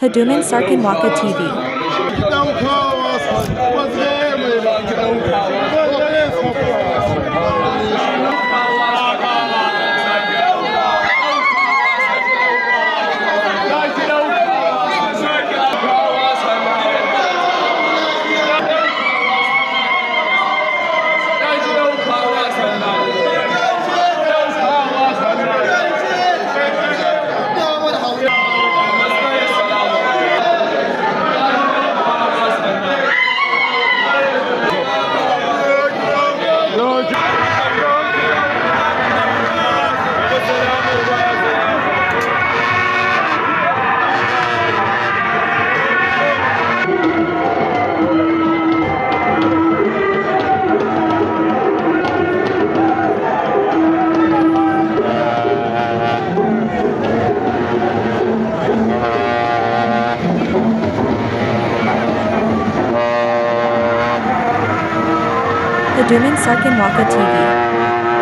Haduman Waka TV. the Duman Sarkin Waka TV.